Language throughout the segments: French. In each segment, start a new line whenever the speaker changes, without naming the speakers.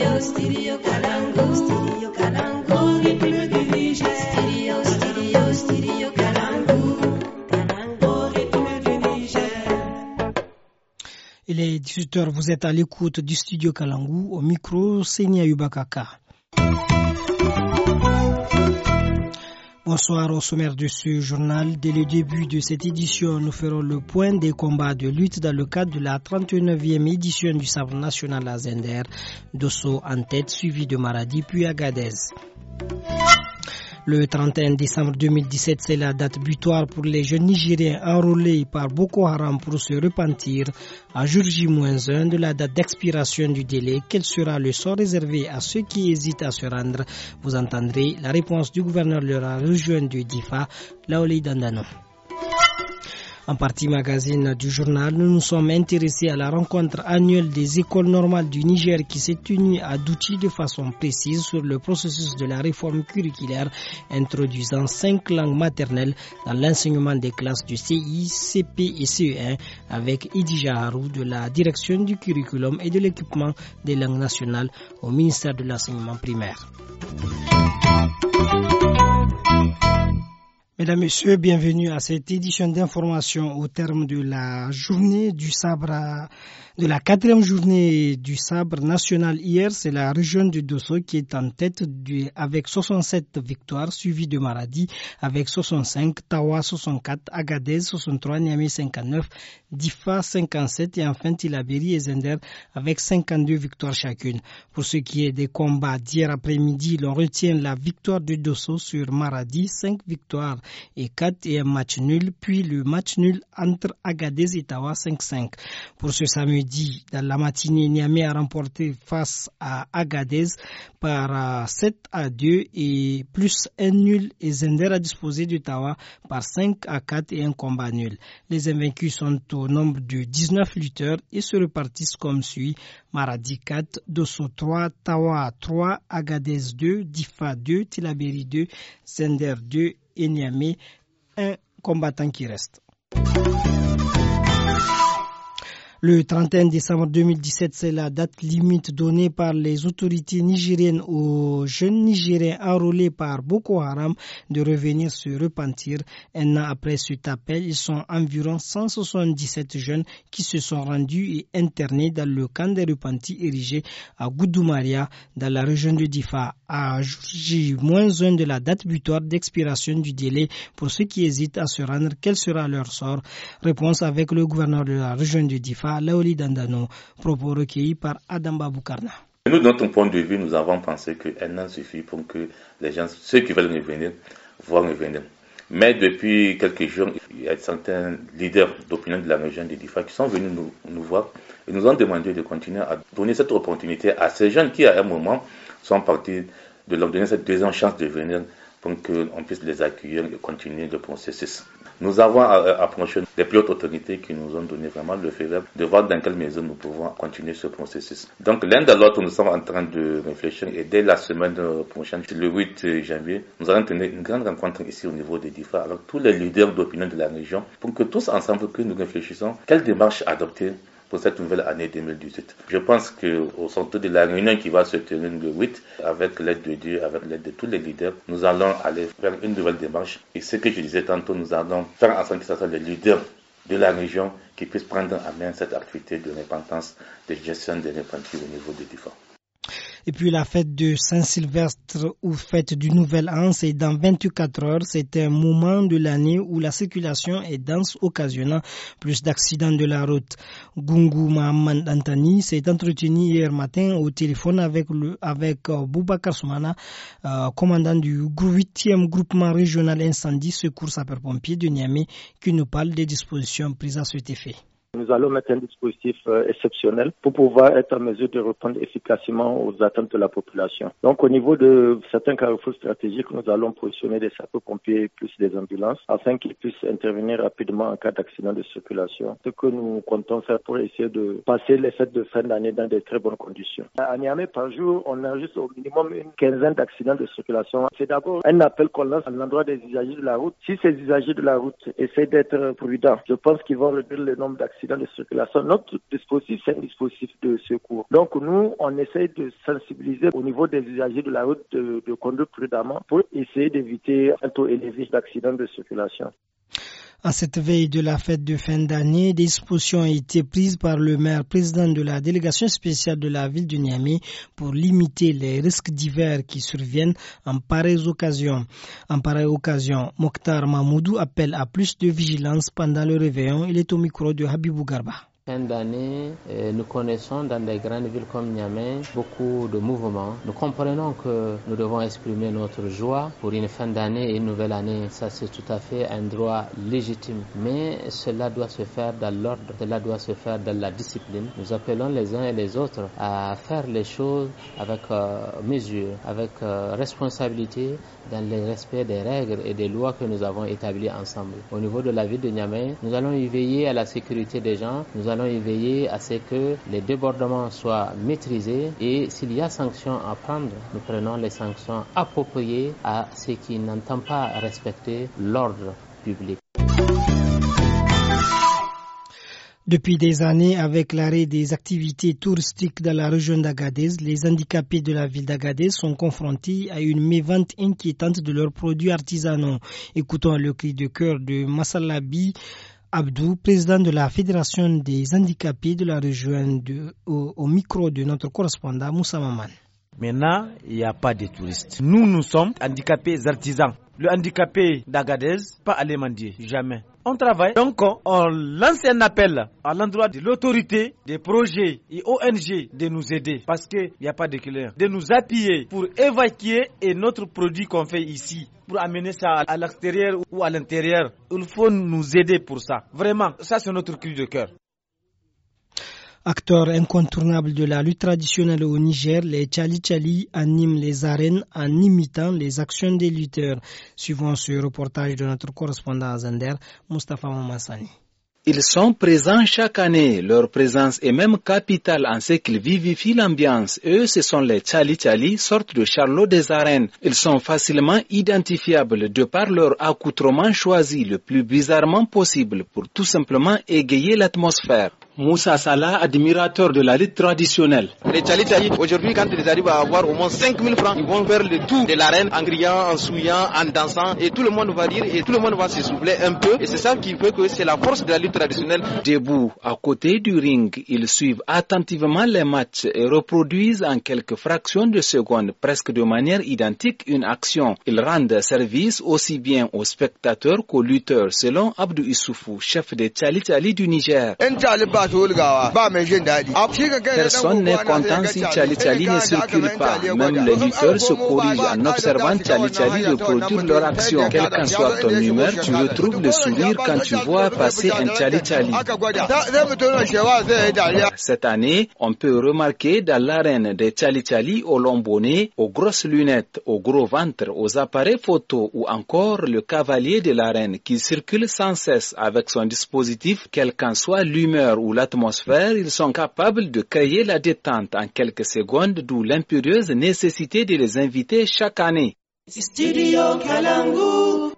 Et les est 18h, vous êtes à l'écoute du studio Kalangu au micro Senia Yubakaka. Bonsoir au sommaire de ce journal. Dès le début de cette édition, nous ferons le point des combats de lutte dans le cadre de la 39e édition du Sabre national à Dosso en tête, suivi de Maradi puis Agadez. Le 31 décembre 2017, c'est la date butoir pour les jeunes Nigériens enrôlés par Boko Haram pour se repentir à jour J-1 de la date d'expiration du délai. Quel sera le sort réservé à ceux qui hésitent à se rendre Vous entendrez la réponse du gouverneur de la rejoint du DIFA, Laoli Dandano. En partie magazine du journal, nous nous sommes intéressés à la rencontre annuelle des écoles normales du Niger qui s'est tenue à d'outils de façon précise sur le processus de la réforme curriculaire introduisant cinq langues maternelles dans l'enseignement des classes du CI, CP et CE1 avec Idija Jaharou de la direction du curriculum et de l'équipement des langues nationales au ministère de l'enseignement primaire. Mesdames, Messieurs, bienvenue à cette édition d'information au terme de la journée du sabre, de la quatrième journée du sabre national hier. C'est la région du Dosso qui est en tête avec 67 victoires, suivie de Maradi avec 65, Tawa 64, Agadez 63, Niamey 59, Difa 57 et enfin Tilaberi et Zender avec 52 victoires chacune. Pour ce qui est des combats d'hier après-midi, l'on retient la victoire du Dosso sur Maradi, 5 victoires et 4 et un match nul, puis le match nul entre Agadez et Tawa 5-5. Pour ce samedi, dans la matinée, Niamey a remporté face à Agadez par 7 euh, à 2 et plus un nul et Zender a disposé de Tawa par 5 à 4 et un combat nul. Les invaincus sont au nombre de 19 lutteurs et se repartissent comme suit. Maradi 4, Dosso 3, Tawa 3, Agadez 2, Difa 2, Tilaberi 2, Zender 2 a mis un combattant qui reste. Le 31 décembre 2017, c'est la date limite donnée par les autorités nigériennes aux jeunes Nigériens enrôlés par Boko Haram de revenir se repentir. Un an après cet appel, ils sont environ 177 jeunes qui se sont rendus et internés dans le camp des repentis érigé à Goudoumaria, dans la région de Difa, à J-1 de la date butoir d'expiration du délai pour ceux qui hésitent à se rendre. Quel sera leur sort Réponse avec le gouverneur de la région de Difa. Laoli Dandano, propos recueillis par Adam Baboukarna.
Nous, de notre point de vue, nous avons pensé qu'un an suffit pour que les gens, ceux qui veulent venir, voient venir. Mais depuis quelques jours, il y a certains leaders d'opinion de la région de DIFA qui sont venus nous, voir et nous ont demandé de continuer à donner cette opportunité à ces jeunes qui, à un moment, sont partis, de leur donner cette deuxième chance de venir pour qu'on puisse les accueillir et continuer le processus. Nous avons euh, euh, approché des plus hautes autorités qui nous ont donné vraiment le feu de voir dans quelle mesure nous pouvons continuer ce processus. Donc l'un de l'autre, nous sommes en train de réfléchir et dès la semaine euh, prochaine, le 8 janvier, nous allons tenir une grande rencontre ici au niveau des DIFA avec tous les leaders d'opinion de la région pour que tous ensemble que nous réfléchissons quelle démarche adopter pour cette nouvelle année 2018. Je pense qu'au centre de la réunion qui va se tenir le 8, avec l'aide de Dieu, avec l'aide de tous les leaders, nous allons aller faire une nouvelle démarche. Et ce que je disais tantôt, nous allons faire en sorte que ce soit les leaders de la région qui puissent prendre en main cette activité de repentance, de gestion des répandus au niveau des différents.
Et puis la fête de Saint-Sylvestre ou fête du Nouvel An, c'est dans 24 heures. C'est un moment de l'année où la circulation est dense, occasionnant plus d'accidents de la route. Gungu s'est entretenu hier matin au téléphone avec, le, avec euh, euh, commandant du 8e groupement régional incendie secours sapeurs-pompiers de Niamey, qui nous parle des dispositions prises à cet effet.
Nous allons mettre un dispositif euh, exceptionnel pour pouvoir être en mesure de répondre efficacement aux attentes de la population. Donc, au niveau de certains carrefours stratégiques, nous allons positionner des sapeurs-pompiers plus des ambulances afin qu'ils puissent intervenir rapidement en cas d'accident de circulation. Ce que nous comptons faire pour essayer de passer les fêtes de fin d'année dans de très bonnes conditions. À Niamey, par jour, on a juste au minimum une quinzaine d'accidents de circulation. C'est d'abord un appel qu'on lance à l'endroit des usagers de la route. Si ces usagers de la route essaient d'être prudents, je pense qu'ils vont réduire le nombre d'accidents de circulation. Notre dispositif, c'est un dispositif de secours. Donc nous, on essaie de sensibiliser au niveau des usagers de la route de, de conduire prudemment pour essayer d'éviter un taux élevé d'accidents de circulation.
À cette veille de la fête de fin d'année, des dispositions ont été prises par le maire président de la délégation spéciale de la ville de Niamey pour limiter les risques divers qui surviennent en pareille occasion. En pareille occasion, Mokhtar Mahmoudou appelle à plus de vigilance pendant le réveillon. Il est au micro de Habibou Garba.
Fin d'année, euh, nous connaissons dans des grandes villes comme Niamey beaucoup de mouvements. Nous comprenons que nous devons exprimer notre joie pour une fin d'année et une nouvelle année. Ça, c'est tout à fait un droit légitime. Mais cela doit se faire dans l'ordre, cela doit se faire dans la discipline. Nous appelons les uns et les autres à faire les choses avec euh, mesure, avec euh, responsabilité, dans le respect des règles et des lois que nous avons établies ensemble. Au niveau de la ville de Niamey, nous allons y veiller à la sécurité des gens. Nous allons nous allons éveiller à ce que les débordements soient maîtrisés et s'il y a sanctions à prendre, nous prenons les sanctions appropriées à ceux qui n'entendent pas respecter l'ordre public.
Depuis des années, avec l'arrêt des activités touristiques dans la région d'Agadez, les handicapés de la ville d'Agadez sont confrontés à une mévente inquiétante de leurs produits artisanaux. Écoutons le cri de cœur de Massalabi Abdou, président de la Fédération des handicapés de la région, au, au, micro de notre correspondant Moussa Maman.
Maintenant, il n'y a pas de touristes. Nous, nous sommes handicapés artisans. Le handicapé d'Agadez, pas aller jamais. On travaille, donc on lance un appel à l'endroit de l'autorité, des projets et ONG de nous aider parce qu'il n'y a pas de clair, de nous appuyer pour évacuer et notre produit qu'on fait ici pour amener ça à l'extérieur ou à l'intérieur. Il faut nous aider pour ça. Vraiment, ça c'est notre cri de cœur.
Acteurs incontournables de la lutte traditionnelle au Niger, les Tchali Tchali animent les arènes en imitant les actions des lutteurs. Suivant ce reportage de notre correspondant à Zander, Mustafa Mamassani.
Ils sont présents chaque année. Leur présence est même capitale en ce qu'ils vivifient l'ambiance. Eux, ce sont les Tchali Tchali, sorte de charlots des arènes. Ils sont facilement identifiables de par leur accoutrement choisi le plus bizarrement possible pour tout simplement égayer l'atmosphère. Moussa Salah, admirateur de la lutte traditionnelle. Les Tchalitahid, aujourd'hui, quand ils arrivent à avoir au moins 5000 francs, ils vont faire le tour de l'arène en criant, en souillant, en dansant, et tout le monde va dire, et tout le monde va se souffler un peu. Et c'est ça qui fait que c'est la force de la lutte traditionnelle. Debout, à côté du ring, ils suivent attentivement les matchs et reproduisent en quelques fractions de secondes, presque de manière identique, une action. Ils rendent service aussi bien aux spectateurs qu'aux lutteurs, selon Abdou Issoufou, chef des Tchalitali du Niger. Personne n'est content si Tchali-Tchali ne circule pas. Même les lutteurs se corrigent en observant Tchali-Tchali de produire leur action. quel' qu'en soit ton humeur, tu trouves le sourire quand tu vois passer un Tchali-Tchali. Cette année, on peut remarquer dans l'arène des Tchali-Tchali aux longs bonnets, aux grosses lunettes, aux gros ventres, aux appareils photo ou encore le cavalier de l'arène qui circule sans cesse avec son dispositif, quel qu'en soit l'humeur ou l'atmosphère, ils sont capables de créer la détente en quelques secondes, d'où l'impérieuse nécessité de les inviter chaque année.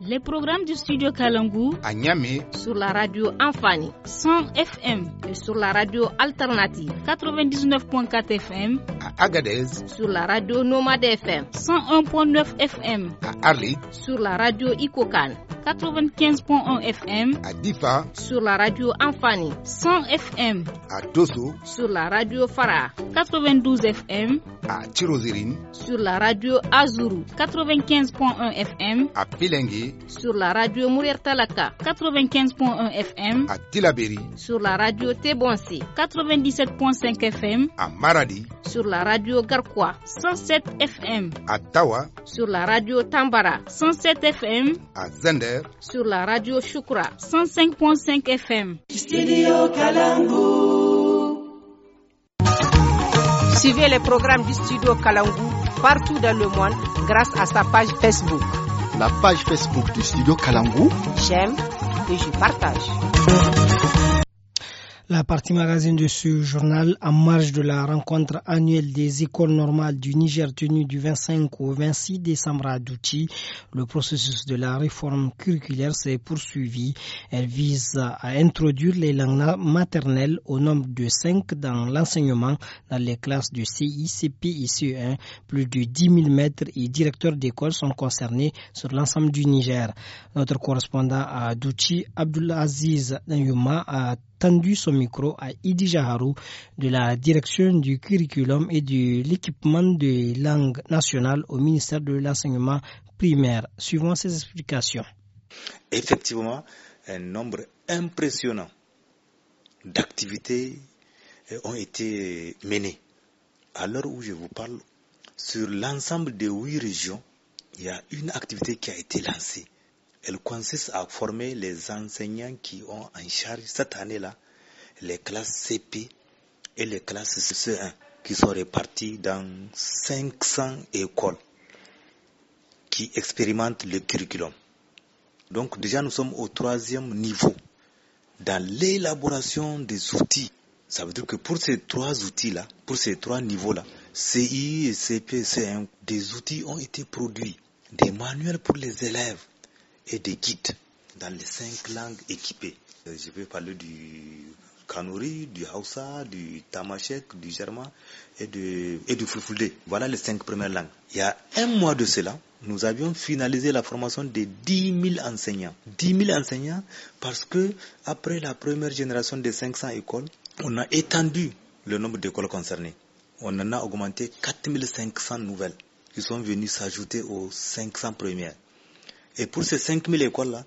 Les programmes du studio Kalangu à Niamey sur la radio Enfani 100 FM et sur la radio Alternative 99.4 FM
à Agadez
sur la radio Nomade FM 101.9 FM à Arli sur la radio Ikokan 95.1 FM à Difa sur la radio Enfani 100 FM à Dosso sur la radio Farah 92 FM
à Tirozirine
sur la radio Azuru 95.1 FM
à Pilengi
sur la radio Mourir Talaka 95.1 FM à Tilaberi sur la radio Tebonsi 97.5 FM
à Maradi
sur la radio Garkwa 107 FM à Tawa sur la radio Tambara 107 FM
à Zender
sur la radio Shukra 105.5 FM Studio Kalangu Suivez les programmes du Studio Kalangu partout dans le monde grâce à sa page Facebook
la page Facebook du studio
Kalangu. J'aime et je partage. La partie magazine de ce journal, en marge de la rencontre annuelle des écoles normales du Niger tenue du 25 au 26 décembre à Douti, le processus de la réforme curriculaire s'est poursuivi. Elle vise à introduire les langues maternelles au nombre de 5 dans l'enseignement dans les classes de CI, 1 e Plus de 10 000 maîtres et directeurs d'école sont concernés sur l'ensemble du Niger. Notre correspondant à Douti, Abdulaziz Nayuma, a tendu son micro à Idi Jaharou de la direction du curriculum et de l'équipement des langues nationales au ministère de l'enseignement primaire. Suivant ses explications.
Effectivement, un nombre impressionnant d'activités euh, ont été menées. À l'heure où je vous parle, sur l'ensemble des huit régions, il y a une activité qui a été lancée elle consiste à former les enseignants qui ont en charge cette année-là les classes CP et les classes CE1 qui sont réparties dans 500 écoles qui expérimentent le curriculum. Donc déjà nous sommes au troisième niveau dans l'élaboration des outils. Ça veut dire que pour ces trois outils-là, pour ces trois niveaux-là, CI, CP, C1, des outils ont été produits, des manuels pour les élèves et des guides dans les cinq langues équipées. Euh, je vais parler du Kanuri, du Hausa, du Tamashek, du Germain et du, et du Voilà les cinq premières langues. Il y a un mois de cela, nous avions finalisé la formation des 10 000 enseignants. 10 000 enseignants parce que après la première génération des 500 écoles, on a étendu le nombre d'écoles concernées. On en a augmenté 4 500 nouvelles qui sont venues s'ajouter aux 500 premières. Et pour ces 5000 écoles-là,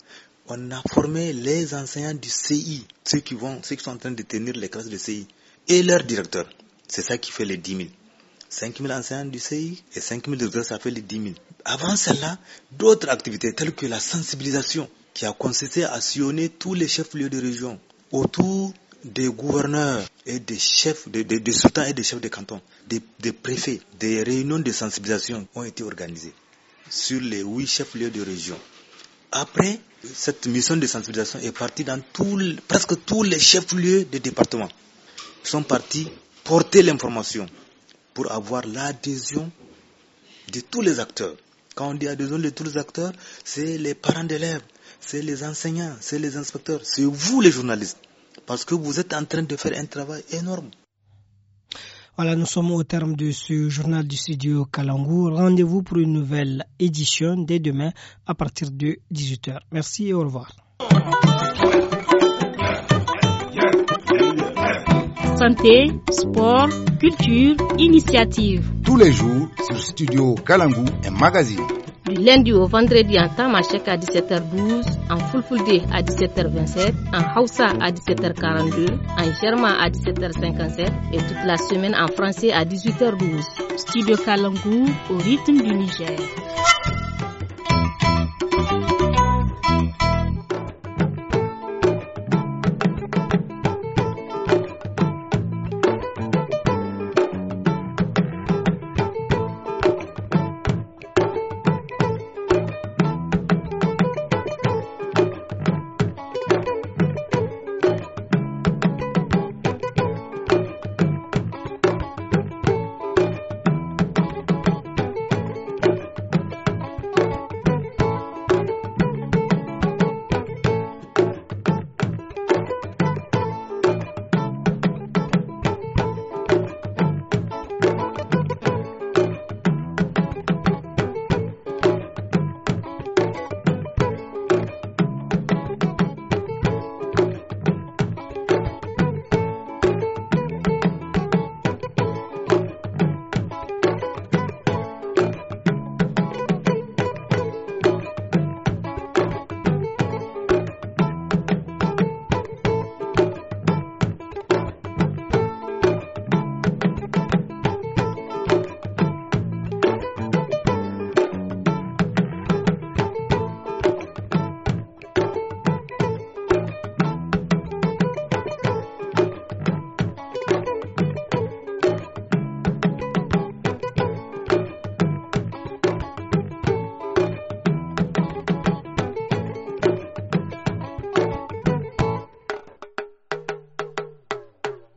on a formé les enseignants du CI, ceux qui, vont, ceux qui sont en train de tenir les classes de CI, et leurs directeurs. C'est ça qui fait les 10 000. 5 000 enseignants du CI et 5 000 directeurs, ça fait les 10 000. Avant cela, d'autres activités telles que la sensibilisation, qui a consisté à sillonner tous les chefs-lieux de région autour des gouverneurs et des chefs, des, des, sultans et des chefs de canton, des préfets, des réunions de sensibilisation ont été organisées sur les huit chefs-lieux de région. Après, cette mission de sensibilisation est partie dans tout, presque tous les chefs-lieux de département. sont partis porter l'information pour avoir l'adhésion de tous les acteurs. Quand on dit adhésion de tous les acteurs, c'est les parents d'élèves, c'est les enseignants, c'est les inspecteurs, c'est vous les journalistes. Parce que vous êtes en train de faire un travail énorme.
Voilà, nous sommes au terme de ce journal du studio Kalangou. Rendez-vous pour une nouvelle édition dès demain à partir de 18h. Merci et au revoir. santé, sport, culture, initiative.
Tous les jours sur Studio Kalangu, et magazine.
Du lundi au vendredi en Tamashek à 17h12, en Fulfulde à 17h27, en Hausa à 17h42, en Germain à 17h57 et toute la semaine en français à 18h12. Studio Kalangu au rythme du Niger.